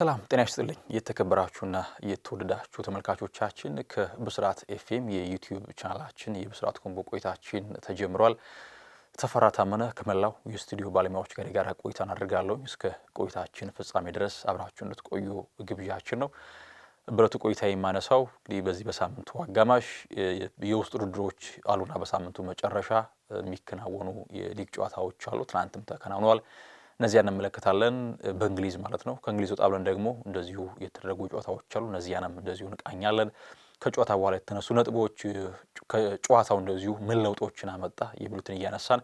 ሰላም ጤና ይስጥልኝ የተከበራችሁና የተወደዳችሁ ተመልካቾቻችን፣ ከብስራት ኤፍኤም የዩቲዩብ ቻናላችን የብስራት ኮምቦ ቆይታችን ተጀምሯል። ተፈራ ታመነ ከመላው የስቱዲዮ ባለሙያዎች ጋር የጋራ ቆይታ እናደርጋለሁኝ። እስከ ቆይታችን ፍጻሜ ድረስ አብራችሁ እንድትቆዩ ግብዣችን ነው። ብረቱ ቆይታ የማነሳው እንግዲህ በዚህ በሳምንቱ አጋማሽ የውስጥ ውድድሮች አሉና በሳምንቱ መጨረሻ የሚከናወኑ የሊግ ጨዋታዎች አሉ። ትናንትም ተከናውነዋል። እነዚያ እንመለከታለን። በእንግሊዝ ማለት ነው። ከእንግሊዝ ወጣ ብለን ደግሞ እንደዚሁ የተደረጉ ጨዋታዎች አሉ። እነዚያንም እንደዚሁ እንቃኛለን። ከጨዋታ በኋላ የተነሱ ነጥቦች፣ ከጨዋታው እንደዚሁ ምን ለውጦችን አመጣ የሚሉትን እያነሳን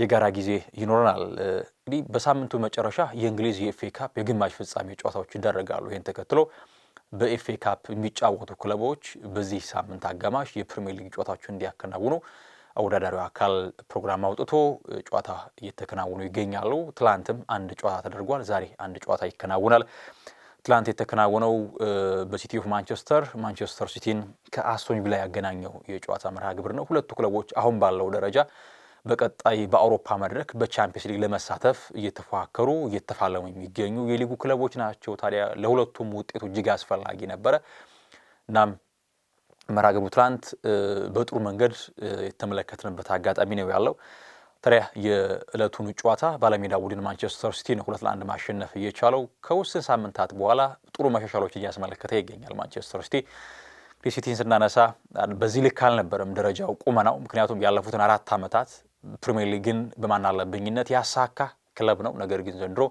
የጋራ ጊዜ ይኖረናል። እንግዲህ በሳምንቱ መጨረሻ የእንግሊዝ የኤፍኤ ካፕ የግማሽ ፍጻሜ ጨዋታዎች ይደረጋሉ። ይህን ተከትሎ በኤፍኤ ካፕ የሚጫወቱ ክለቦች በዚህ ሳምንት አጋማሽ የፕሪሚየር ሊግ ጨዋታዎችን እንዲያከናውኑ አወዳዳሪው አካል ፕሮግራም አውጥቶ ጨዋታ እየተከናወኑ ይገኛሉ። ትላንትም አንድ ጨዋታ ተደርጓል። ዛሬ አንድ ጨዋታ ይከናወናል። ትላንት የተከናወነው በሲቲ ኦፍ ማንቸስተር ማንቸስተር ሲቲን ከአስቶን ቪላ ያገናኘው የጨዋታ መርሃ ግብር ነው። ሁለቱ ክለቦች አሁን ባለው ደረጃ በቀጣይ በአውሮፓ መድረክ በቻምፒየንስ ሊግ ለመሳተፍ እየተፎካከሩ እየተፋለሙ የሚገኙ የሊጉ ክለቦች ናቸው። ታዲያ ለሁለቱም ውጤቱ እጅግ አስፈላጊ ነበረ። እናም መራግብሩ ትላንት በጥሩ መንገድ የተመለከትንበት አጋጣሚ ነው ያለው። ታዲያ የዕለቱን ጨዋታ ባለሜዳ ቡድን ማንቸስተር ሲቲ ነው ሁለት ለአንድ ማሸነፍ እየቻለው ከውስን ሳምንታት በኋላ ጥሩ መሻሻሎች እያስመለከተ ይገኛል። ማንቸስተር ሲቲ ሲቲን ስናነሳ በዚህ ልክ አልነበረም ደረጃው ቁመናው። ምክንያቱም ያለፉትን አራት ዓመታት ፕሪሚየር ሊግን በማናለብኝነት ያሳካ ክለብ ነው። ነገር ግን ዘንድሮ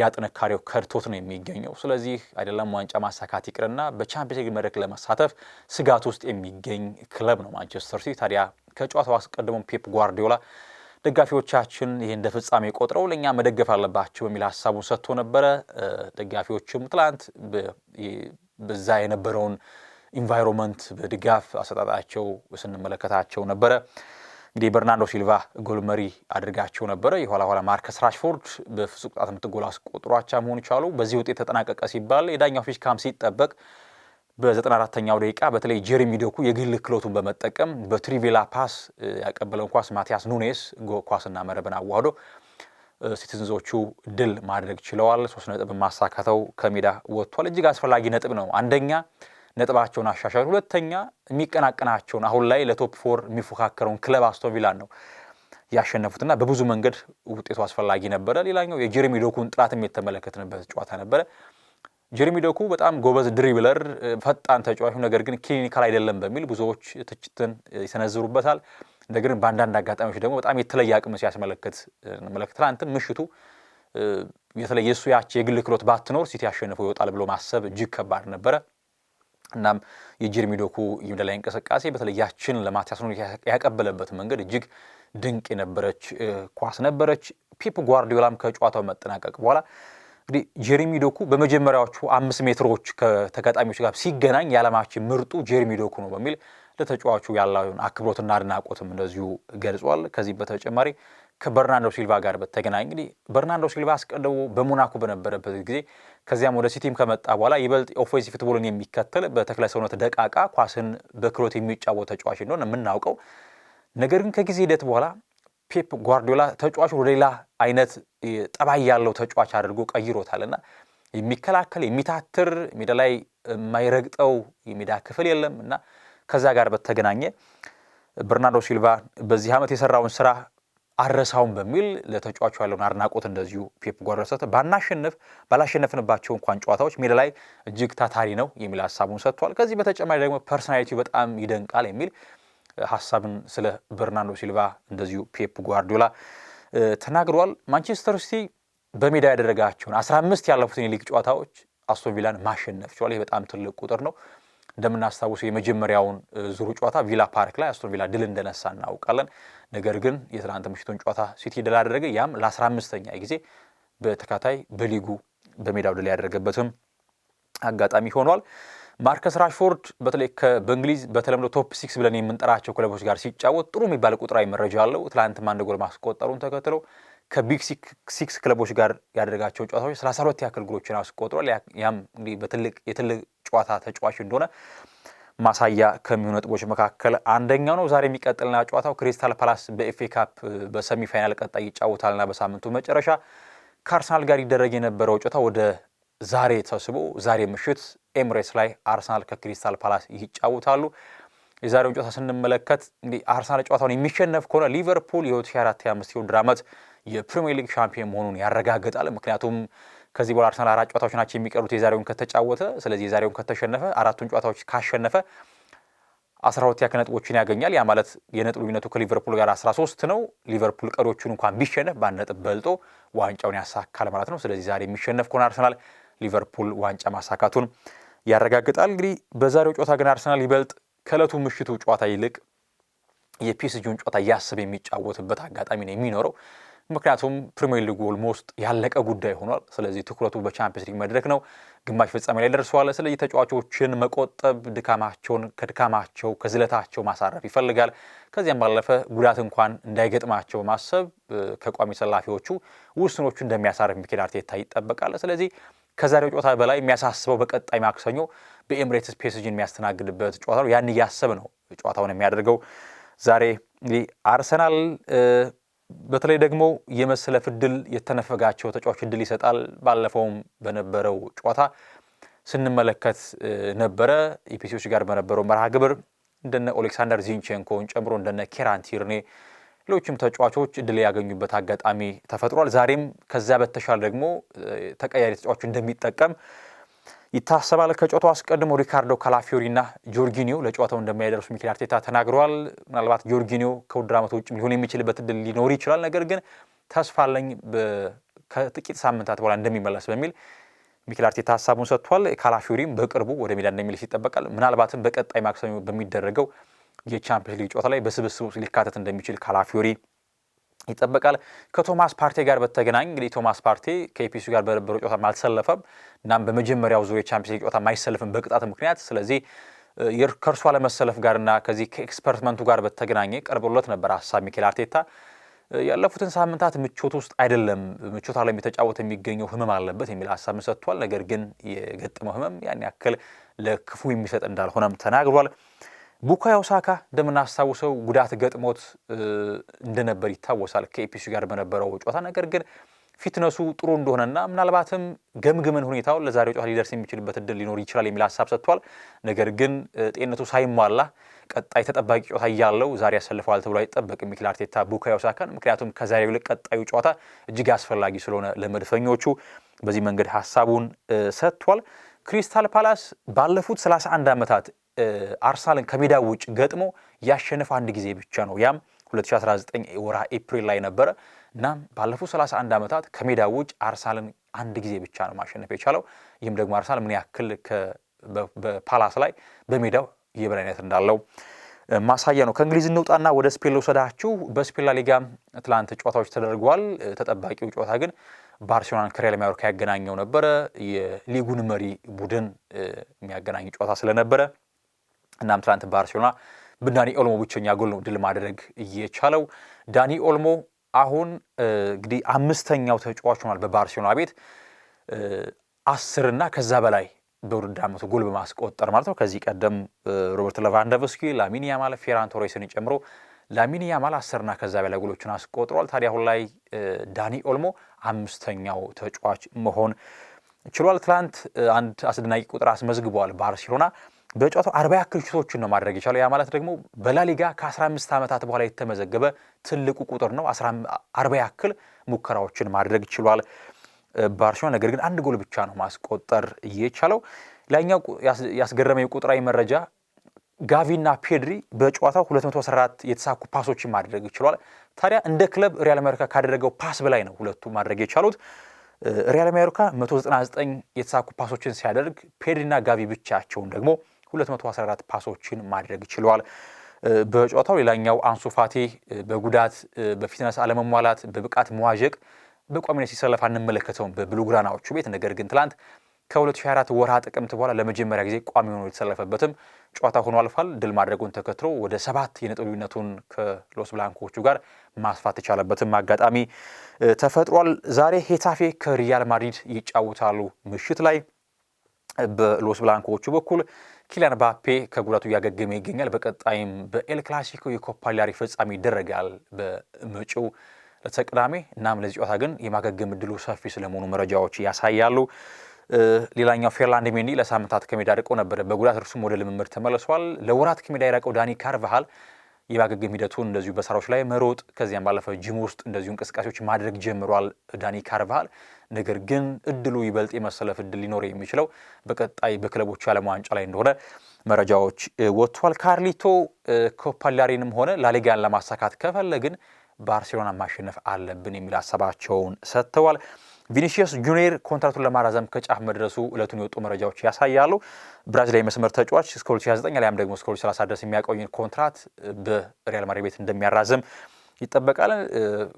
ያ ጥንካሬው ከድቶት ነው የሚገኘው። ስለዚህ አይደለም ዋንጫ ማሳካት ይቅርና በቻምፒየንስ ሊግ መድረክ ለመሳተፍ ስጋት ውስጥ የሚገኝ ክለብ ነው ማንቸስተር ሲቲ። ታዲያ ከጨዋታው አስቀድሞ ፔፕ ጓርዲዮላ ደጋፊዎቻችን ይህ እንደ ፍጻሜ ቆጥረው ለእኛ መደገፍ አለባቸው በሚል ሀሳቡን ሰጥቶ ነበረ። ደጋፊዎችም ትላንት በዛ የነበረውን ኢንቫይሮንመንት በድጋፍ አሰጣጣቸው ስንመለከታቸው ነበረ። እንግዲህ በርናንዶ ሲልቫ ጎል መሪ አድርጋቸው ነበረ። የኋላ ኋላ ማርከስ ራሽፎርድ በፍጹም ቅጣት ምት ጎል አስቆጥሮ አቻ መሆን ቻሉ። በዚህ ውጤት ተጠናቀቀ ሲባል የዳኛው ፊሽ ካም ሲጠበቅ በ94ኛው ደቂቃ በተለይ ጀሬሚ ዶኩ የግል ክሎቱን በመጠቀም በትሪቪላ ፓስ ያቀበለውን ኳስ ማቲያስ ኑኔስ ኳስና መረብን አዋህዶ ሲቲዝንዞቹ ድል ማድረግ ችለዋል። ሶስት ነጥብ ማሳካተው ከሜዳ ወጥቷል። እጅግ አስፈላጊ ነጥብ ነው። አንደኛ ነጥባቸውን አሻሻሉ። ሁለተኛ የሚቀናቀናቸውን አሁን ላይ ለቶፕ ፎር የሚፎካከረውን ክለብ አስቶን ቪላን ነው ያሸነፉትና በብዙ መንገድ ውጤቱ አስፈላጊ ነበረ። ሌላኛው የጀሬሚ ዶኩን ጥራትም የተመለከትንበት ጨዋታ ነበረ። ጀሬሚ ዶኩ በጣም ጎበዝ ድሪብለር፣ ፈጣን ተጫዋቹ ነገር ግን ክሊኒካል አይደለም በሚል ብዙዎች ትችትን ይሰነዝሩበታል። ነገር ግን በአንዳንድ አጋጣሚዎች ደግሞ በጣም የተለየ አቅም ሲያስመለከት መለክት ትናንትም ምሽቱ የተለየ እሱ ያች የግል ክሎት ባትኖር ሲቲ ያሸንፈው ይወጣል ብሎ ማሰብ እጅግ ከባድ ነበረ። እናም የጀርሚ ዶኩ የሜዳ ላይ እንቅስቃሴ በተለይ ያችን ለማቲያስ ኑኔዝ ያቀበለበት መንገድ እጅግ ድንቅ የነበረች ኳስ ነበረች። ፒፕ ጓርዲዮላም ከጨዋታው መጠናቀቅ በኋላ እንግዲህ ጀርሚ ዶኩ በመጀመሪያዎቹ አምስት ሜትሮች ከተጋጣሚዎች ጋር ሲገናኝ የዓለማችን ምርጡ ጀርሚ ዶኩ ነው በሚል ለተጫዋቹ ያለውን አክብሮትና አድናቆትም እንደዚሁ ገልጿል። ከዚህ በተጨማሪ ከበርናንዶ ሲልቫ ጋር በተገናኝ እንግዲህ በርናንዶ ሲልቫ አስቀድሞ በሞናኮ በነበረበት ጊዜ ከዚያም ወደ ሲቲም ከመጣ በኋላ ይበልጥ ኦፌንሲቭ ፉትቦልን የሚከተል በተክለ ሰውነት ደቃቃ ኳስን በክሎት የሚጫወት ተጫዋች እንደሆነ የምናውቀው፣ ነገር ግን ከጊዜ ሂደት በኋላ ፔፕ ጓርዲዮላ ተጫዋች ወደ ሌላ አይነት ጠባይ ያለው ተጫዋች አድርጎ ቀይሮታልና የሚከላከል የሚታትር ሜዳ ላይ የማይረግጠው የሜዳ ክፍል የለም እና ከዛ ጋር በተገናኘ በርናርዶ ሲልቫ በዚህ ዓመት የሰራውን ስራ አረሳውን በሚል ለተጫዋቹ ያለውን አድናቆት እንደዚሁ ፔፕ ጓርዲዮላ ባናሸንፍ ባላሸነፍንባቸው እንኳን ጨዋታዎች ሜዳ ላይ እጅግ ታታሪ ነው የሚል ሀሳቡን ሰጥቷል። ከዚህ በተጨማሪ ደግሞ ፐርሶናሊቲው በጣም ይደንቃል የሚል ሀሳብን ስለ በርናንዶ ሲልቫ እንደዚሁ ፔፕ ጓርዲዮላ ተናግሯል። ማንቸስተር ሲቲ በሜዳ ያደረጋቸውን አስራ አምስት ያለፉትን የሊግ ጨዋታዎች አስቶን ቪላን ማሸነፍ ችሏል። ይህ በጣም ትልቅ ቁጥር ነው። እንደምናስታውሰው የመጀመሪያውን ዙሩ ጨዋታ ቪላ ፓርክ ላይ አስቶን ቪላ ድል እንደነሳ እናውቃለን። ነገር ግን የትናንት ምሽቱን ጨዋታ ሲቲ ድል አደረገ። ያም ለ 15 ጊዜ በተካታይ በሊጉ በሜዳው ድል ያደረገበትም አጋጣሚ ሆኗል። ማርከስ ራሽፎርድ በተለይ በእንግሊዝ በተለምዶ ቶፕ ሲክስ ብለን የምንጠራቸው ክለቦች ጋር ሲጫወት ጥሩ የሚባል ቁጥራዊ መረጃ አለው። ትላንትም አንድ ጎል ማስቆጠሩን ተከትለው ከቢግ ሲክስ ክለቦች ጋር ያደረጋቸው ጨዋታዎች 32 ያክል ጎሎችን አስቆጥሯል። ያም እንግዲህ በትልቅ የትልቅ ጨዋታ ተጫዋች እንደሆነ ማሳያ ከሚሆኑ ነጥቦች መካከል አንደኛው ነው። ዛሬ የሚቀጥልና ጨዋታው ክሪስታል ፓላስ በኤፍኤ ካፕ በሰሚፋይናል ቀጣይ ይጫወታልና በሳምንቱ መጨረሻ ከአርሰናል ጋር ይደረግ የነበረው ጨዋታ ወደ ዛሬ ተስቦ ዛሬ ምሽት ኤምሬትስ ላይ አርሰናል ከክሪስታል ፓላስ ይጫወታሉ። የዛሬውን ጨዋታ ስንመለከት እንግዲህ አርሰናል ጨዋታውን የሚሸነፍ ከሆነ ሊቨርፑል የ2024/25 የውድድር ዓመት የፕሪሚየር ሊግ ሻምፒዮን መሆኑን ያረጋግጣል። ምክንያቱም ከዚህ በኋላ አርሰናል አራት ጨዋታዎች ናቸው የሚቀሩት የዛሬውን ከተጫወተ። ስለዚህ የዛሬውን ከተሸነፈ አራቱን ጨዋታዎች ካሸነፈ አስራ ሁለት ያክል ነጥቦችን ያገኛል። ያ ማለት የነጥብ ልዩነቱ ከሊቨርፑል ጋር ሶስት ነው። ሊቨርፑል ቀሪዎቹን እንኳን ቢሸነፍ በአንድ ነጥብ በልጦ ዋንጫውን ያሳካል ማለት ነው። ስለዚህ ዛሬ የሚሸነፍ ከሆነ አርሰናል ሊቨርፑል ዋንጫ ማሳካቱን ያረጋግጣል። እንግዲህ በዛሬው ጨዋታ ግን አርሰናል ይበልጥ ከእለቱ ምሽቱ ጨዋታ ይልቅ የፒኤስጂውን ጨዋታ እያስብ የሚጫወትበት አጋጣሚ ነው የሚኖረው። ምክንያቱም ፕሪሚየር ሊጉ ኦልሞስት ያለቀ ጉዳይ ሆኗል። ስለዚህ ትኩረቱ በቻምፒየንስ ሊግ መድረክ ነው። ግማሽ ፍጻሜ ላይ ደርሰዋል። ስለዚህ ተጫዋቾችን መቆጠብ ድካማቸውን ከድካማቸው ከዝለታቸው ማሳረፍ ይፈልጋል። ከዚያም ባለፈ ጉዳት እንኳን እንዳይገጥማቸው ማሰብ ከቋሚ ሰላፊዎቹ ውስኖቹ እንደሚያሳርፍ ሚኬል አርቴታ ይጠበቃል። ስለዚህ ከዛሬው ጨዋታ በላይ የሚያሳስበው በቀጣይ ማክሰኞ በኤምሬትስ ፔስጅን የሚያስተናግድበት ጨዋታ ነው። ያን እያሰብ ነው ጨዋታውን የሚያደርገው ዛሬ እንግዲህ አርሰናል በተለይ ደግሞ የመሰለፍ እድል የተነፈጋቸው ተጫዋች እድል ይሰጣል። ባለፈውም በነበረው ጨዋታ ስንመለከት ነበረ። ኢፒሲዎች ጋር በነበረው መርሃ ግብር እንደነ ኦሌክሳንደር ዚንቼንኮን ጨምሮ እንደነ ኬራን ቲርኔ፣ ሌሎችም ተጫዋቾች እድል ያገኙበት አጋጣሚ ተፈጥሯል። ዛሬም ከዚያ በተሻለ ደግሞ ተቀያሪ ተጫዋች እንደሚጠቀም ይታሰባል። ከጨዋታው አስቀድሞ ሪካርዶ ካላፊዮሪና ጆርጊኒዮ ለጨዋታው እንደማይደርሱ ሚኬል አርቴታ ተናግረዋል። ምናልባት ጆርጊኒዮ ከውድድር ዓመት ውጭ ሊሆን የሚችልበት እድል ሊኖር ይችላል፣ ነገር ግን ተስፋ አለኝ ከጥቂት ሳምንታት በኋላ እንደሚመለስ በሚል ሚኬል አርቴታ ሀሳቡን ሰጥቷል። ካላፊዮሪም በቅርቡ ወደ ሜዳ እንደሚልስ ይጠበቃል። ምናልባትም በቀጣይ ማክሰኞ በሚደረገው የቻምፒየንስ ሊግ ጨዋታ ላይ በስብስቡ ሊካተት እንደሚችል ካላፊዮሪ ይጠበቃል። ከቶማስ ፓርቴ ጋር በተገናኝ እንግዲህ ቶማስ ፓርቴ ከኤፒሱ ጋር በነበረው ጨዋታ አልተሰለፈም። እናም በመጀመሪያው ዙር የቻምፒየንስ ጨዋታ ማይሰለፍም በቅጣት ምክንያት። ስለዚህ ከእርሱ አለመሰለፍ ጋርና ከዚህ ከኤክስፐርትመንቱ ጋር በተገናኘ ቀርቦለት ነበር ሀሳብ ሚኬል አርቴታ ያለፉትን ሳምንታት ምቾት ውስጥ አይደለም፣ ምቾት አለም የተጫወተ የሚገኘው ህመም አለበት የሚል ሀሳብ ሰጥቷል። ነገር ግን የገጠመው ህመም ያን ያክል ለክፉ የሚሰጥ እንዳልሆነም ተናግሯል። ቡካዮ ሳካ እንደምናስታውሰው ጉዳት ገጥሞት እንደነበር ይታወሳል ከኤፒሱ ጋር በነበረው ጨዋታ። ነገር ግን ፊትነሱ ጥሩ እንደሆነና ምናልባትም ገምግመን ሁኔታው ለዛሬው ጨዋታ ሊደርስ የሚችልበት እድል ሊኖር ይችላል የሚል ሀሳብ ሰጥቷል። ነገር ግን ጤንነቱ ሳይሟላ ቀጣይ ተጠባቂ ጨዋታ እያለው ዛሬ ያሰልፈዋል ተብሎ አይጠበቅም ሚኬል አርቴታ ቡካዮ ሳካን። ምክንያቱም ከዛሬ ይልቅ ቀጣዩ ጨዋታ እጅግ አስፈላጊ ስለሆነ ለመድፈኞቹ በዚህ መንገድ ሀሳቡን ሰጥቷል። ክሪስታል ፓላስ ባለፉት 31 ዓመታት አርሰናልን ከሜዳ ውጭ ገጥሞ ያሸነፈ አንድ ጊዜ ብቻ ነው። ያም 2019 ወርሃ ኤፕሪል ላይ ነበረ። እናም ባለፉት 31 ዓመታት ከሜዳ ውጭ አርሰናልን አንድ ጊዜ ብቻ ነው ማሸነፍ የቻለው። ይህም ደግሞ አርሰናል ምን ያክል በፓላስ ላይ በሜዳው የበላይነት እንዳለው ማሳያ ነው። ከእንግሊዝ እንውጣና ወደ ስፔን ልውሰዳችሁ። በስፔን ላሊጋ ትላንት ጨዋታዎች ተደርገዋል። ተጠባቂው ጨዋታ ግን ባርሴሎናን ከሪያል ማዮርካ ያገናኘው ነበረ። የሊጉን መሪ ቡድን የሚያገናኝ ጨዋታ ስለነበረ እናም ትናንት ባርሴሎና በዳኒ ኦልሞ ብቸኛ ጎል ነው ድል ማድረግ እየቻለው። ዳኒ ኦልሞ አሁን እንግዲህ አምስተኛው ተጫዋች ሆኗል በባርሴሎና ቤት አስርና ከዛ በላይ በውድድር ዓመቱ ጎል በማስቆጠር ማለት ነው። ከዚህ ቀደም ሮበርት ሌቫንዶቭስኪ፣ ላሚን ያማል፣ ፌራን ቶሬስን ጨምሮ ላሚን ያማል አስርና ከዛ በላይ ጎሎችን አስቆጥሯል። ታዲያ አሁን ላይ ዳኒ ኦልሞ አምስተኛው ተጫዋች መሆን ችሏል። ትላንት አንድ አስደናቂ ቁጥር አስመዝግበዋል ባርሴሎና በጨዋታው አርባ ያክል ሽቶችን ነው ማድረግ የቻለው። ያ ማለት ደግሞ በላሊጋ ከ15 ዓመታት በኋላ የተመዘገበ ትልቁ ቁጥር ነው። አርባ ያክል ሙከራዎችን ማድረግ ችሏል ባርሴሎና። ነገር ግን አንድ ጎል ብቻ ነው ማስቆጠር የቻለው። ላይኛው ያስገረመ የቁጥራዊ መረጃ ጋቪና ፔድሪ በጨዋታው 214 የተሳኩ ፓሶችን ማድረግ ችሏል። ታዲያ እንደ ክለብ ሪያል ማዮርካ ካደረገው ፓስ በላይ ነው ሁለቱ ማድረግ የቻሉት። ሪያል ማዮርካ 199 የተሳኩ ፓሶችን ሲያደርግ ፔድሪና ጋቪ ብቻቸውን ደግሞ 214 ፓሶችን ማድረግ ችሏል። በጨዋታው ሌላኛው አንሱ ፋቲ በጉዳት በፊትነስ አለመሟላት በብቃት መዋዠቅ በቋሚነት ሲሰለፍ አንመለከተውም በብሉግራናዎቹ ቤት። ነገር ግን ትላንት ከ2024 ወርሃ ጥቅምት በኋላ ለመጀመሪያ ጊዜ ቋሚ ሆኖ የተሰለፈበትም ጨዋታ ሆኖ አልፏል። ድል ማድረጉን ተከትሎ ወደ ሰባት የነጥብ ልዩነቱን ከሎስ ብላንኮቹ ጋር ማስፋት የቻለበትም አጋጣሚ ተፈጥሯል። ዛሬ ሄታፌ ከሪያል ማድሪድ ይጫወታሉ ምሽት ላይ በሎስ ብላንኮቹ በኩል ኪሊያን ባፔ ከጉዳቱ እያገገመ ይገኛል። በቀጣይም በኤል ክላሲኮ የኮፓ ላሪ ፍጻሜ ይደረጋል በመጪው ለተቅዳሜ እናም ለዚህ ጨዋታ ግን የማገገም እድሉ ሰፊ ስለመሆኑ መረጃዎች ያሳያሉ። ሌላኛው ፌርላንድ ሜንዲ ለሳምንታት ከሜዳ ርቆ ነበረ። በጉዳት እርሱም ወደ ልምምድ ተመልሷል። ለወራት ከሜዳ የራቀው ዳኒ ካርቫሃል የማገገም ሂደቱን እንደዚሁ በስራዎች ላይ መሮጥ ከዚያም ባለፈው ጅም ውስጥ እንደዚሁ እንቅስቃሴዎች ማድረግ ጀምሯል ዳኒ ካርቫሃል። ነገር ግን እድሉ ይበልጥ የመሰለፍ እድል ሊኖር የሚችለው በቀጣይ በክለቦች ዓለም ዋንጫ ላይ እንደሆነ መረጃዎች ወጥቷል። ካርሊቶ ኮፓላሪንም ሆነ ላሊጋን ለማሳካት ከፈለግን ባርሴሎና ማሸነፍ አለብን የሚል ሀሳባቸውን ሰጥተዋል። ቪኒሺየስ ጁኒየር ኮንትራክቱን ለማራዘም ከጫፍ መድረሱ ዕለቱን የወጡ መረጃዎች ያሳያሉ። ብራዚላዊ መስመር ተጫዋች እስከ 2029 ላይም ደግሞ እስከ 2030 ድረስ የሚያቆይን ኮንትራት በሪያል ማድሪድ ቤት እንደሚያራዝም ይጠበቃል።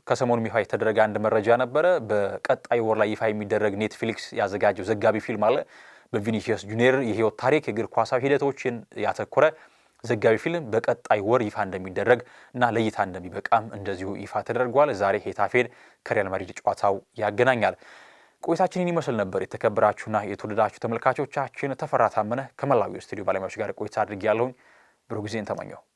ከሰሞኑ ይፋ የተደረገ አንድ መረጃ ነበረ። በቀጣይ ወር ላይ ይፋ የሚደረግ ኔትፍሊክስ ያዘጋጀው ዘጋቢ ፊልም አለ። በቪኒሺየስ ጁኒየር የህይወት ታሪክ እግር ኳሳዊ ሂደቶችን ያተኮረ ዘጋቢ ፊልም በቀጣይ ወር ይፋ እንደሚደረግ እና ለእይታ እንደሚበቃም እንደዚሁ ይፋ ተደርጓል። ዛሬ ሄታፌን ከሪያል ማድሪድ ጨዋታው ያገናኛል። ቆይታችንን ይመስል ነበር። የተከበራችሁና የተወደዳችሁ ተመልካቾቻችን ተፈራ ታመነ ከመላው የስቱዲዮ ባለሙያዎች ጋር ቆይታ አድርጌ ያለሁኝ ብሩህ ጊዜን ተመኘሁ።